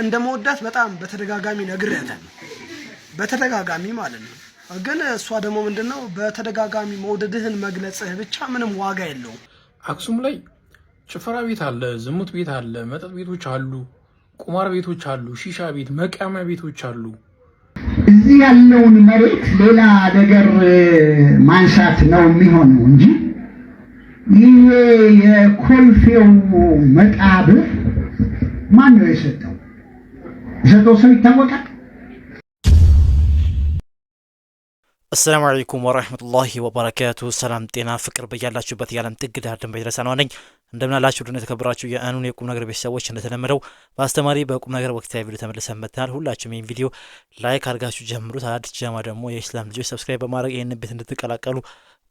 እንደመወዳት በጣም በተደጋጋሚ ነግሬያታለሁ። በተደጋጋሚ ማለት ነው። ግን እሷ ደግሞ ምንድነው በተደጋጋሚ መውደድህን መግለጽህ ብቻ ምንም ዋጋ የለውም። አክሱም ላይ ጭፈራ ቤት አለ፣ ዝሙት ቤት አለ፣ መጠጥ ቤቶች አሉ፣ ቁማር ቤቶች አሉ፣ ሺሻ ቤት፣ መቃሚያ ቤቶች አሉ። እዚህ ያለውን መሬት ሌላ ነገር ማንሳት ነው የሚሆነው እንጂ ይሄ የኮልፌው መቃብር ማን ነው የሰጠው? የሰጠው ሰው ይታወቃል። አሰላሙ አለይኩም ወረህመቱላሂ ወበረካቱ። ሰላም ጤና ፍቅር በያላችሁበት የዓለም ጥግ ዳር ድንበር ይድረሰን ነው ነኝ። እንደምናላችሁ ድን የተከበራችሁ የአኑን የቁም ነገር ቤተሰቦች፣ እንደተለመደው በአስተማሪ በቁም ነገር ወቅታዊ ቪዲዮ ተመልሰን መጥተናል። ሁላችሁም ይህን ቪዲዮ ላይክ አድርጋችሁ ጀምሩት። አዲስ ጀማ ደግሞ የኢስላም ልጆች ሰብስክራይብ በማድረግ ይህን ቤት እንድትቀላቀሉ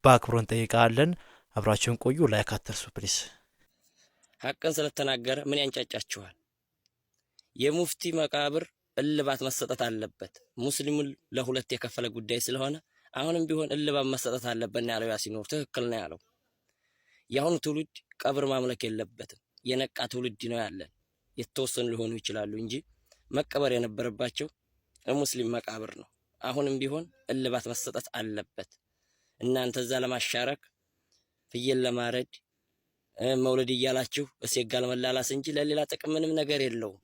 በአክብሮ እንጠይቃለን። አብራችሁን ቆዩ። ላይክ አትርሱ ፕሊስ። ሀቅን ስለተናገረ ምን ያንጫጫችኋል? የሙፍቲ መቃብር እልባት መሰጠት አለበት። ሙስሊሙን ለሁለት የከፈለ ጉዳይ ስለሆነ አሁንም ቢሆን እልባት መሰጠት አለበት ነው ያለው ያሲኑር። ትክክል ነው ያለው። የአሁኑ ትውልድ ቀብር ማምለክ የለበትም። የነቃ ትውልድ ነው ያለን። የተወሰኑ ሊሆኑ ይችላሉ እንጂ መቀበር የነበረባቸው ሙስሊም መቃብር ነው። አሁንም ቢሆን እልባት መሰጠት አለበት። እናንተ እዛ ለማሻረክ ፍየል ለማረድ መውለድ እያላችሁ እሴጋ ለመላላስ እንጂ ለሌላ ጥቅም ምንም ነገር የለውም።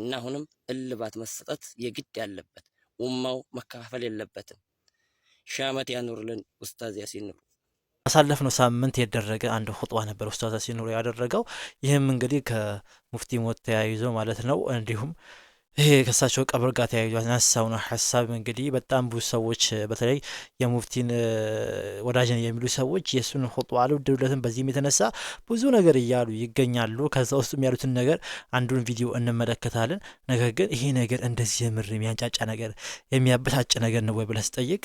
እና አሁንም እልባት መሰጠት የግድ ያለበት ኡማው መከፋፈል የለበትም። ሻመት ያኑርልን ኡስታዝ ያሲን ኑሩ። አሳለፍነው ሳምንት የደረገ አንድ ሁጥባ ነበር ኡስታዝ ያሲን ኑሩ ያደረገው። ይህም እንግዲህ ከሙፍቲ ሞት ተያይዞ ማለት ነው እንዲሁም ይሄ ከሳቸው ቀብር ጋር ተያይዞ ያነሳው ነው ሀሳብ እንግዲህ በጣም ብዙ ሰዎች በተለይ የሙፍቲን ወዳጅን የሚሉ ሰዎች የእሱን ሆጦ አልወደዱለትም። በዚህም የተነሳ ብዙ ነገር እያሉ ይገኛሉ። ከዛ ውስጥም ያሉትን ነገር አንዱን ቪዲዮ እንመለከታለን። ነገር ግን ይሄ ነገር እንደዚህ የምር የሚያንጫጫ ነገር የሚያበሳጭ ነገር ነው ወይ ብለህ ስጠይቅ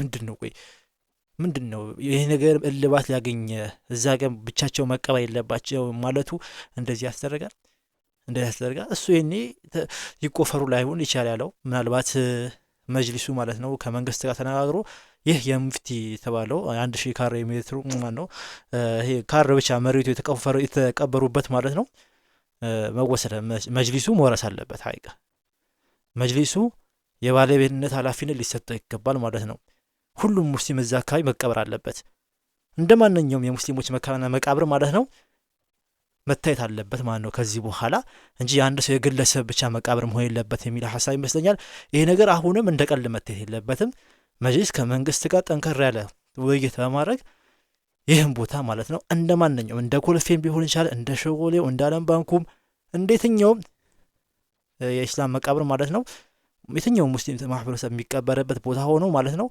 ምንድን ነው ወይ ምንድን ነው ይህ ነገር እልባት ሊያገኝ እዛ ገን ብቻቸው መቀበል የለባቸው ማለቱ እንደዚህ ያስደረጋል። እንዳያስደርጋ እሱ ይኔ ሊቆፈሩ ላይሆን ይቻል ያለው ምናልባት መጅሊሱ ማለት ነው ከመንግስት ጋር ተነጋግሮ ይህ የምፍቲ የተባለው አንድ ሺህ ካሬ ሜትሩ ማለት ነው ይሄ ካሬ ብቻ መሬቱ የተቀበሩበት ማለት ነው መወሰደ መጅሊሱ መወረስ አለበት ሀይቀ መጅሊሱ የባለቤትነት ኃላፊነት ሊሰጠው ይገባል ማለት ነው። ሁሉም ሙስሊም እዛ አካባቢ መቀበር አለበት እንደ ማንኛውም የሙስሊሞች መካና መቃብር ማለት ነው። መታየት አለበት ማለት ነው ከዚህ በኋላ እንጂ የአንድ ሰው የግለሰብ ብቻ መቃብር መሆን የለበት የሚል ሀሳብ ይመስለኛል። ይህ ነገር አሁንም እንደ ቀልድ መታየት የለበትም። መጅሊስ ከመንግስት ጋር ጠንከር ያለ ውይይት በማድረግ ይህም ቦታ ማለት ነው እንደ ማንኛውም እንደ ኮልፌም ቢሆን ይችላል እንደ ሸጎሌው እንደ አለም ባንኩም እንደ የትኛውም የኢስላም መቃብር ማለት ነው የትኛውም ሙስሊም ማህበረሰብ የሚቀበረበት ቦታ ሆኖ ማለት ነው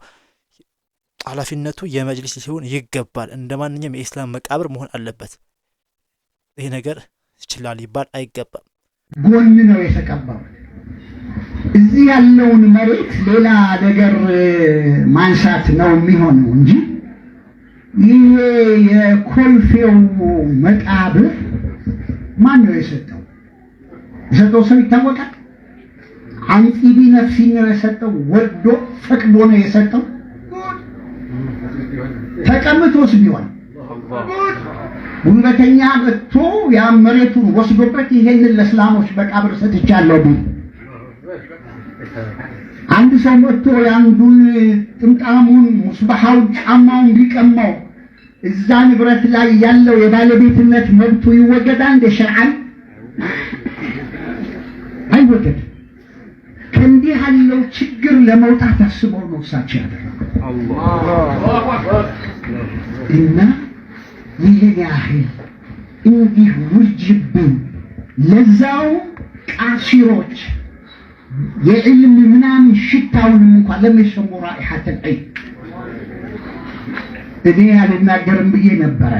ኃላፊነቱ የመጅሊስ ሲሆን ይገባል። እንደ ማንኛውም የኢስላም መቃብር መሆን አለበት። ይሄ ነገር ይችላል ሊባል አይገባም። ጎን ነው የተቀባው። እዚህ ያለውን መሬት ሌላ ነገር ማንሳት ነው የሚሆነው እንጂ ይሄ የኮልፌው መቃብር ማን ነው የሰጠው? የሰጠው ሰው ይታወቃል። አንጢቢ ነፍሲ ነው የሰጠው። ወዶ ፈቅዶ ነው የሰጠው። ተቀምቶስ ቢሆን ጉልበተኛ መጥቶ ያ መሬቱን ወስዶበት ይሄንን ለእስላሞች በቃብር ሰጥቻለሁ ቢል አንድ ሰው መጥቶ የአንዱን ጥምጣሙን ሙስባሃውን ጫማውን ቢቀማው እዛ ንብረት ላይ ያለው የባለቤትነት መብቱ ይወገዳል እንደ ሸርዓን አይወገድ ከእንዲህ ያለው ችግር ለመውጣት አስበው ነው እሳቸው ያደረጉ እና ይህን ያህል እንዲህ ውርጅብን ለዛው ቃሲሮች የዕልም ምናምን ሽታውንም እንኳን ለሚሰሙ ራኢሐተል ዒልም እኔ አልናገርም ብዬ ነበረ።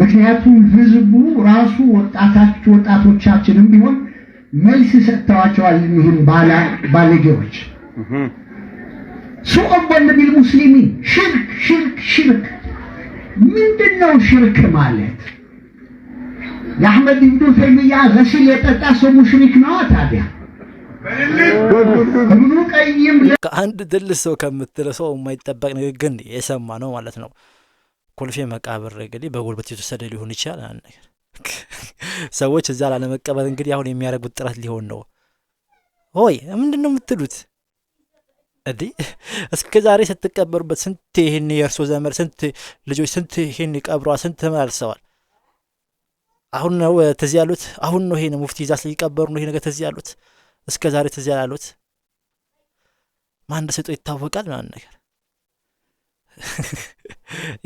ምክንያቱም ህዝቡ ራሱ ወጣታች ወጣቶቻችንም ቢሆን መልስ ሰጥተዋቸዋል። ይህም ባለጌዎች ሱቅ ወንድ ቢል ሙስሊሚን ሽርክ ሽርክ ሽርክ ምንድን ነው ሽርክ ማለት? የአህመድ ኢብኑ ተይሚያ ገሲል የጠጣ ሰው ሙሽሪክ ነው ታዲያ እብኑ ቀይም ከአንድ ድል ሰው ከምትለሰው የማይጠበቅ ንግግር የሰማ ነው ማለት ነው። ኮልፌ መቃብር እንግዲህ በጉልበት የተወሰደ ሊሆን ይችላል። አንድ ነገር ሰዎች እዛ ላለመቀበል እንግዲህ አሁን የሚያደርጉት ጥረት ሊሆን ነው ሆይ ምንድን ነው የምትሉት? እዲ እስከ ዛሬ ስትቀበሩበት ስንት ይህን የእርሶ ዘመድ ስንት ልጆች ስንት ይህን ቀብሯ ስንት ተመላልሰዋል። አሁን ነው ትዝ ያሉት። አሁን ነው ይሄ ሙፍቲ ዛስ ሊቀበሩ ነው ይሄ ነገር ትዝ ያሉት። እስከ ዛሬ ትዝ ያላሉት ማን እንደሰጠው ይታወቃል። ምናምን ነገር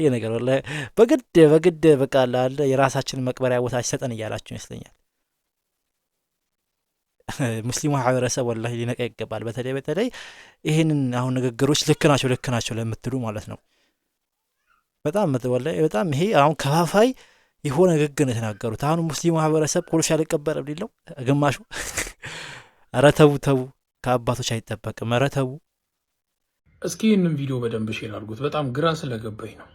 ይህ ነገር በግድ በግድ በቃ የራሳችን መቅበሪያ ቦታ ሰጠን እያላችሁ ይመስለኛል። ሙስሊሙ ማህበረሰብ ወላ ሊነቃ ይገባል። በተለይ በተለይ ይህንን አሁን ንግግሮች ልክ ናቸው ልክ ናቸው ለምትሉ ማለት ነው። በጣም በጣም ይሄ አሁን ከፋፋይ የሆነ ንግግር ነው የተናገሩት። አሁን ሙስሊሙ ማህበረሰብ ኮሎሽ አልቀበለም ሌለው ግማሹ ረተቡ ተቡ ከአባቶች አይጠበቅም ረተቡ። እስኪ ይህንን ቪዲዮ በደንብ ሼር አድርጉት። በጣም ግራ ስለገባኝ ነው።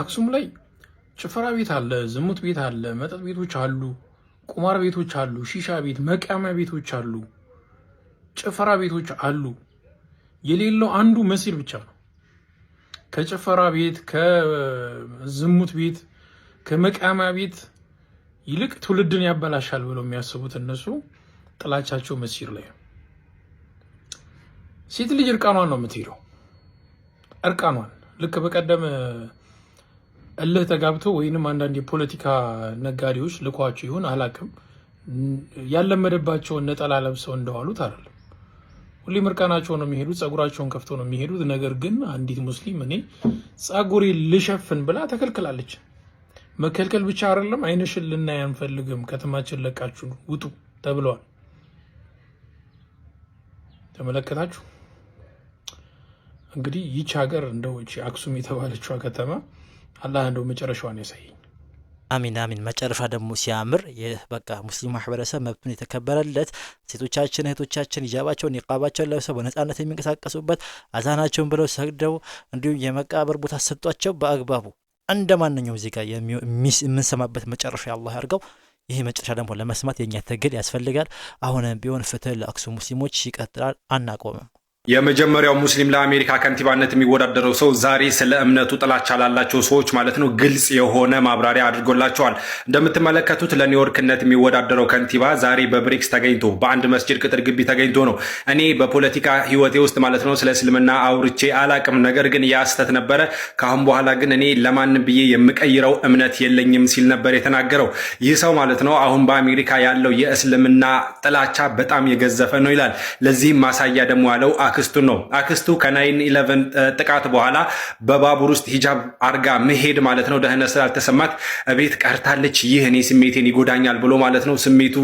አክሱም ላይ ጭፈራ ቤት አለ፣ ዝሙት ቤት አለ፣ መጠጥ ቤቶች አሉ። ቁማር ቤቶች አሉ፣ ሺሻ ቤት፣ መቃሚያ ቤቶች አሉ፣ ጭፈራ ቤቶች አሉ። የሌለው አንዱ መሲር ብቻ ነው። ከጭፈራ ቤት፣ ከዝሙት ቤት፣ ከመቃሚያ ቤት ይልቅ ትውልድን ያበላሻል ብለው የሚያስቡት እነሱ ጥላቻቸው መሲር ላይ ሴት ልጅ እርቃኗን ነው የምትሄደው፣ እርቃኗን ልክ በቀደም እልህ ተጋብቶ ወይንም አንዳንድ የፖለቲካ ነጋዴዎች ልኳቸው ይሁን አላቅም ያለመደባቸውን ነጠላ ለብሰው እንደዋሉት አይደለም። ሁሌ ምርቃናቸው ነው የሚሄዱት፣ ጸጉራቸውን ከፍቶ ነው የሚሄዱት። ነገር ግን አንዲት ሙስሊም እኔ ጸጉሬ ልሸፍን ብላ ተከልክላለች። መከልከል ብቻ አይደለም አይንሽን ልናይ አንፈልግም፣ ከተማችን ለቃችሁ ውጡ ተብለዋል። ተመለከታችሁ እንግዲህ ይች ሀገር እንደው አክሱም የተባለችዋ ከተማ አላህ እንደው መጨረሻዋን ያሳየኝ። አሚን አሚን። መጨረሻ ደግሞ ሲያምር ይህ በቃ ሙስሊም ማህበረሰብ መብቱን የተከበረለት ሴቶቻችን እህቶቻችን ሂጃባቸውን ኒቃባቸውን ለብሰው በነጻነት የሚንቀሳቀሱበት አዛናቸውን ብለው ሰግደው እንዲሁም የመቃብር ቦታ ሰጧቸው በአግባቡ እንደ ማንኛውም ዜጋ የምንሰማበት መጨረሻ አላህ ያርገው። ይህ መጨረሻ ደግሞ ለመስማት የእኛ ትግል ያስፈልጋል። አሁንም ቢሆን ፍትህ ለአክሱም ሙስሊሞች ይቀጥላል፣ አናቆምም። የመጀመሪያው ሙስሊም ለአሜሪካ ከንቲባነት የሚወዳደረው ሰው ዛሬ ስለ እምነቱ ጥላቻ ላላቸው ሰዎች ማለት ነው ግልጽ የሆነ ማብራሪያ አድርጎላቸዋል። እንደምትመለከቱት ለኒውዮርክነት የሚወዳደረው ከንቲባ ዛሬ በብሪክስ ተገኝቶ በአንድ መስጅድ ቅጥር ግቢ ተገኝቶ ነው። እኔ በፖለቲካ ሕይወቴ ውስጥ ማለት ነው ስለ እስልምና አውርቼ አላቅም፣ ነገር ግን ያስተት ነበረ። ከአሁን በኋላ ግን እኔ ለማንም ብዬ የምቀይረው እምነት የለኝም ሲል ነበር የተናገረው። ይህ ሰው ማለት ነው አሁን በአሜሪካ ያለው የእስልምና ጥላቻ በጣም የገዘፈ ነው ይላል። ለዚህም ማሳያ ደግሞ ያለው አክስቱን ነው። አክስቱ ከናይን ኢለቨን ጥቃት በኋላ በባቡር ውስጥ ሂጃብ አርጋ መሄድ ማለት ነው ደህንነት ስላልተሰማት እቤት ቀርታለች። ይህ እኔ ስሜቴን ይጎዳኛል ብሎ ማለት ነው ስሜቱ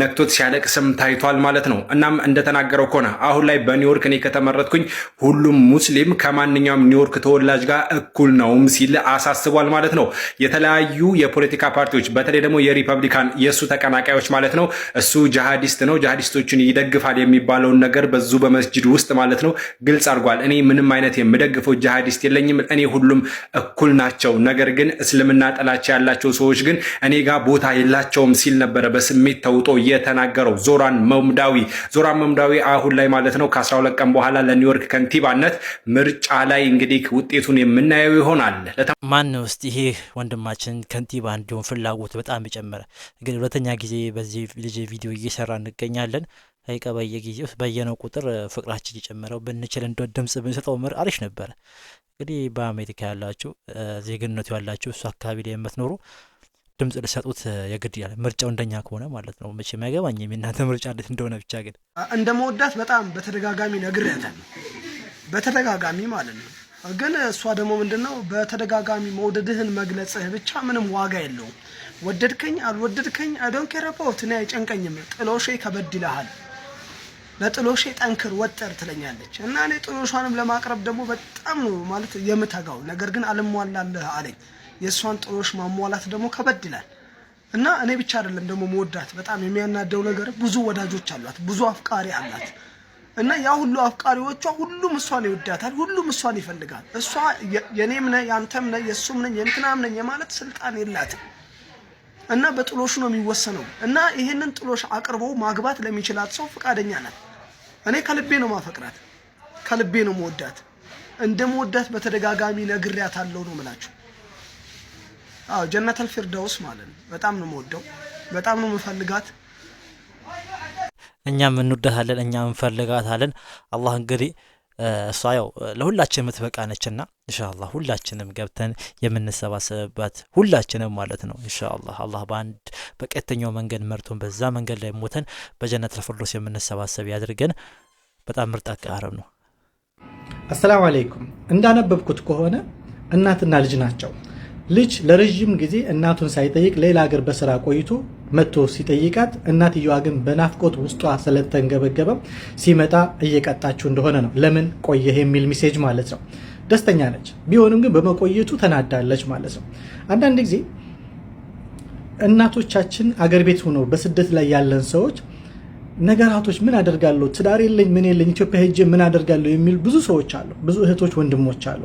ነክቶት ሲያለቅስም ታይቷል ማለት ነው። እናም እንደተናገረው ከሆነ አሁን ላይ በኒውዮርክ እኔ ከተመረጥኩኝ ሁሉም ሙስሊም ከማንኛውም ኒውዮርክ ተወላጅ ጋር እኩል ነውም ሲል አሳስቧል ማለት ነው። የተለያዩ የፖለቲካ ፓርቲዎች በተለይ ደግሞ የሪፐብሊካን የእሱ ተቀናቃዮች ማለት ነው እሱ ጃሃዲስት ነው ጃሃዲስቶችን ይደግፋል የሚባለውን ነገር በዙ በመስጅድ ውስጥ ውስጥ ማለት ነው ግልጽ አድርጓል። እኔ ምንም አይነት የምደግፈው ጂሃዲስት የለኝም። እኔ ሁሉም እኩል ናቸው። ነገር ግን እስልምና ጥላቻ ያላቸው ሰዎች ግን እኔ ጋር ቦታ የላቸውም ሲል ነበረ በስሜት ተውጦ የተናገረው ዞራን መምዳዊ። ዞራን መምዳዊ አሁን ላይ ማለት ነው ከ12 ቀን በኋላ ለኒውዮርክ ከንቲባነት ምርጫ ላይ እንግዲህ ውጤቱን የምናየው ይሆናል። ማን ነው ይሄ ወንድማችን ከንቲባ እንዲሆን ፍላጎት በጣም የጨመረ እንግዲህ ሁለተኛ ጊዜ በዚህ ልጅ ቪዲዮ እየሰራ እንገኛለን። ሀይቀ በየጊዜው በየነው ቁጥር ፍቅራችን የጨመረው ብንችል እንደ ድምጽ ብንሰጠው ምር አሪፍ ነበረ። እንግዲህ በአሜሪካ ያላችሁ ዜግነቱ ያላችሁ እሱ አካባቢ ላይ የምትኖሩ ድምጽ ልሰጡት የግድ ያለ ምርጫው እንደኛ ከሆነ ማለት ነው። መቼ አይገባኝም የእናንተ ምርጫ እንዴት እንደሆነ ብቻ ግን እንደ መወዳት በጣም በተደጋጋሚ ነግሬያታለሁ። በተደጋጋሚ ማለት ነው። ግን እሷ ደግሞ ምንድን ነው በተደጋጋሚ መውደድህን መግለጽህ ብቻ ምንም ዋጋ የለውም። ወደድከኝ አልወደድከኝ አይ ዶንት ኬር አባውት እኔ አይጨንቀኝም። ጥሎሼ ከበድ ይልሃል በጥሎሼ ጠንክር ወጠር ትለኛለች እና እኔ ጥሎሿንም ለማቅረብ ደግሞ በጣም ነው ማለት የምተጋው። ነገር ግን አልሟላለህ አለኝ። የእሷን ጥሎሽ ማሟላት ደግሞ ከበድ ይላል እና እኔ ብቻ አይደለም ደግሞ መወዳት። በጣም የሚያናደው ነገር ብዙ ወዳጆች አሏት፣ ብዙ አፍቃሪ አላት እና ያ ሁሉ አፍቃሪዎቿ ሁሉም እሷን ይወዳታል፣ ሁሉም እሷን ይፈልጋል። እሷ የኔም ነ ያንተም ነ የእሱም ነ የእንትናም ነ የማለት ስልጣን የላትም። እና በጥሎሽ ነው የሚወሰነው። እና ይህንን ጥሎሽ አቅርቦ ማግባት ለሚችላት ሰው ፈቃደኛ ናት። እኔ ከልቤ ነው ማፈቅራት፣ ከልቤ ነው መወዳት። እንደ መወዳት በተደጋጋሚ ነግሪያት አለው ነው ምላችሁ። አዎ ጀነተል ፊርዳውስ ማለት ነው። በጣም ነው መወደው፣ በጣም ነው ምፈልጋት። እኛም እንወዳታለን፣ እኛም እንፈልጋታለን። አላህ እንግዲህ እሷ ያው ለሁላችን የምትበቃ ነችና እንሻላ ሁላችንም ገብተን የምንሰባሰብበት ሁላችንም ማለት ነው። እንሻላ አላህ በአንድ በቀጥተኛው መንገድ መርቶን በዛ መንገድ ላይ ሞተን በጀነት ለፍርዶስ የምንሰባሰብ ያድርገን። በጣም ምርጥ አቀራረብ ነው። አሰላሙ አለይኩም። እንዳነበብኩት ከሆነ እናትና ልጅ ናቸው። ልጅ ለረዥም ጊዜ እናቱን ሳይጠይቅ ሌላ ሀገር በስራ ቆይቶ መጥቶ ሲጠይቃት እናትየዋ ግን በናፍቆት ውስጧ ስለተንገበገበ ሲመጣ እየቀጣችው እንደሆነ ነው። ለምን ቆየህ የሚል ሚሴጅ ማለት ነው። ደስተኛ ነች፣ ቢሆንም ግን በመቆየቱ ተናዳለች ማለት ነው። አንዳንድ ጊዜ እናቶቻችን አገር ቤት ሆነው በስደት ላይ ያለን ሰዎች ነገራቶች ምን አደርጋለሁ፣ ትዳር የለኝ ምን የለኝ፣ ኢትዮጵያ ሄጄ ምን አደርጋለሁ የሚል ብዙ ሰዎች አሉ፣ ብዙ እህቶች ወንድሞች አሉ።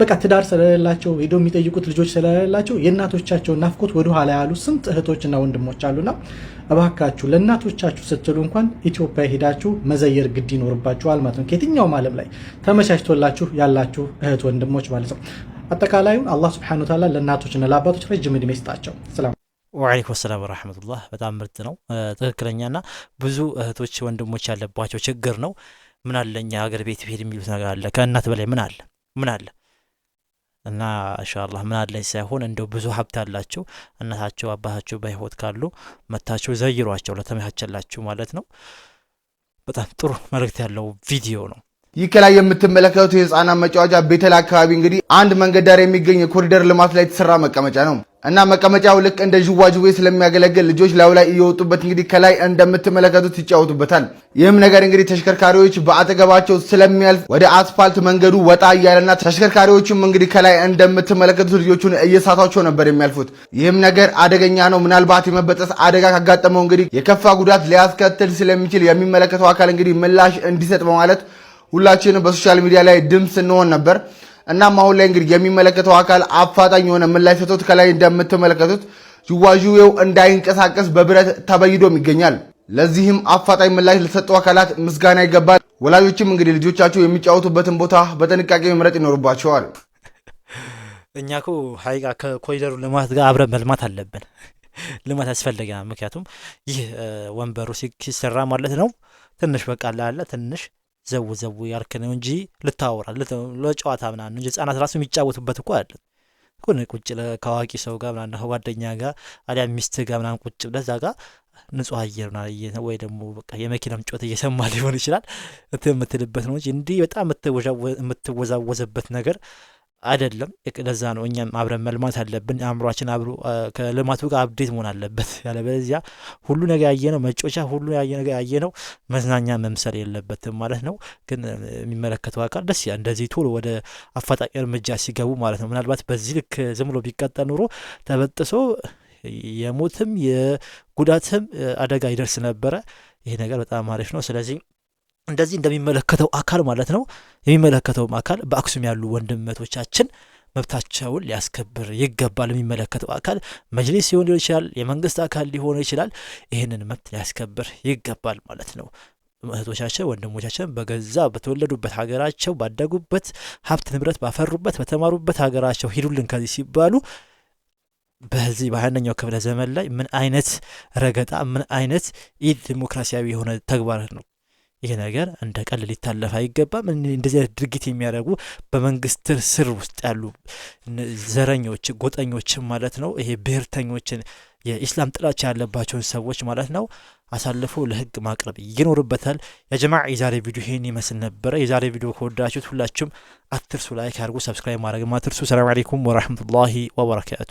በቃ ትዳር ስለሌላቸው ሄደው የሚጠይቁት ልጆች ስለሌላቸው የእናቶቻቸው ናፍቆት ወደኋላ ያሉ ስንት እህቶችና ወንድሞች አሉና እባካችሁ ለእናቶቻችሁ ስትሉ እንኳን ኢትዮጵያ ሄዳችሁ መዘየር ግድ ይኖርባችኋል ማለት ነው። ከየትኛውም ዓለም ላይ ተመቻችቶላችሁ ያላችሁ እህት ወንድሞች ማለት ነው። አጠቃላዩን አላህ ስብሐነሁ ወተዓላ ለእናቶችና ለአባቶች ረጅም ዕድሜ ይስጣቸው። ወአለይኩም ሰላም ወራህመቱላህ። በጣም ምርጥ ነው። ትክክለኛና ብዙ እህቶች ወንድሞች ያለባቸው ችግር ነው። ምን አለ እኛ ሀገር ቤት ብሄድ የሚሉት ነገር አለ። ከእናት በላይ ምን አለ ምን አለ እና ኢንሻአላህ ምን አለኝ ሳይሆን እንደው ብዙ ሀብት ያላቸው እናታቸው አባታቸው በህይወት ካሉ መታቸው ዘይሯቸው ለተመቻቸላችሁ ማለት ነው። በጣም ጥሩ መልእክት ያለው ቪዲዮ ነው። ይህ ከላይ የምትመለከቱት የህፃናት መጫወቻ ቤተል አካባቢ እንግዲህ አንድ መንገድ ዳር የሚገኝ የኮሪደር ልማት ላይ የተሰራ መቀመጫ ነው። እና መቀመጫው ልክ እንደ ዥዋዥዌ ስለሚያገለግል ልጆች ላዩ ላይ እየወጡበት እንግዲህ ከላይ እንደምትመለከቱት ይጫወቱበታል። ይህም ነገር እንግዲህ ተሽከርካሪዎች በአጠገባቸው ስለሚያልፍ ወደ አስፋልት መንገዱ ወጣ እያለና ተሽከርካሪዎችም እንግዲህ ከላይ እንደምትመለከቱት ልጆቹን እየሳቷቸው ነበር የሚያልፉት። ይህም ነገር አደገኛ ነው። ምናልባት የመበጠስ አደጋ ካጋጠመው እንግዲህ የከፋ ጉዳት ሊያስከትል ስለሚችል የሚመለከተው አካል እንግዲህ ምላሽ እንዲሰጥ በማለት ሁላችንም በሶሻል ሚዲያ ላይ ድምፅ ስንሆን ነበር። እናም አሁን ላይ እንግዲህ የሚመለከተው አካል አፋጣኝ የሆነ ምላሽ ሰጥቶት ከላይ እንደምትመለከቱት ዥዋዥዌው እንዳይንቀሳቀስ በብረት ተበይዶም ይገኛል። ለዚህም አፋጣኝ ምላሽ ለሰጡ አካላት ምስጋና ይገባል። ወላጆችም እንግዲህ ልጆቻቸው የሚጫወቱበትን ቦታ በጥንቃቄ መምረጥ ይኖርባቸዋል። እኛ ኮ ሀይቃ ከኮሪደሩ ልማት ጋር አብረ መልማት አለብን። ልማት ያስፈልገናል። ምክንያቱም ይህ ወንበሩ ሲሰራ ማለት ነው ትንሽ በቃ ላለ ትንሽ ዘው ዘው ያርክ ነው እንጂ ልታወራ ለጨዋታ ምናምን እንጂ ህጻናት ራሱ የሚጫወቱበት እኮ አለ ሆነ ቁጭ ከአዋቂ ሰው ጋር ምናምን ከጓደኛ ጋር አሊያ ሚስት ጋር ምናምን ቁጭ ብለህ እዛ ጋር ንጹህ አየር ወይ ደግሞ በቃ የመኪናም ጮት እየሰማ ሊሆን ይችላል እት የምትልበት ነው እንጂ እንዲህ በጣም የምትወዛወዘበት ነገር አይደለም። ለዛ ነው እኛም አብረን መልማት አለብን። አእምሯችን አብሮ ከልማቱ ጋር አብዴት መሆን አለበት። ያለበለዚያ ሁሉ ነገር ነው መጮቻ፣ ሁሉ ነገር ነው መዝናኛ መምሰል የለበትም ማለት ነው። ግን የሚመለከተው አካል ደስ ያ እንደዚህ ቶሎ ወደ አፋጣኝ እርምጃ ሲገቡ ማለት ነው። ምናልባት በዚህ ልክ ዝም ብሎ ቢቀጠል ኑሮ ተበጥሶ የሞትም የጉዳትም አደጋ ይደርስ ነበረ። ይሄ ነገር በጣም አሪፍ ነው። ስለዚህ እንደዚህ እንደሚመለከተው አካል ማለት ነው የሚመለከተውም አካል በአክሱም ያሉ ወንድመቶቻችን መብታቸውን ሊያስከብር ይገባል። የሚመለከተው አካል መጅሊስ ሊሆን ይችላል፣ የመንግስት አካል ሊሆን ይችላል። ይህንን መብት ሊያስከብር ይገባል ማለት ነው። እህቶቻችን ወንድሞቻችን በገዛ በተወለዱበት ሀገራቸው ባደጉበት ሀብት ንብረት ባፈሩበት በተማሩበት ሀገራቸው ሂዱልን ከዚህ ሲባሉ በዚህ በሀያኛው ክፍለ ዘመን ላይ ምን አይነት ረገጣ ምን አይነት ኢ ዲሞክራሲያዊ የሆነ ተግባር ነው ይህ ነገር እንደ ቀል ሊታለፍ አይገባም። እንደዚህ አይነት ድርጊት የሚያደርጉ በመንግስት ስር ውስጥ ያሉ ዘረኞች፣ ጎጠኞችን ማለት ነው ይሄ ብሔርተኞችን የኢስላም ጥላቻ ያለባቸውን ሰዎች ማለት ነው አሳልፎ ለህግ ማቅረብ ይኖርበታል። የጀማ የዛሬ ቪዲዮ ይህን ይመስል ነበረ። የዛሬ ቪዲዮ ከወዳችሁት ሁላችሁም አትርሱ፣ ላይክ አድርጉ፣ ሰብስክራይብ ማድረግ አትርሱ። ሰላም አሌይኩም ወረህመቱላሂ ወበረካቱ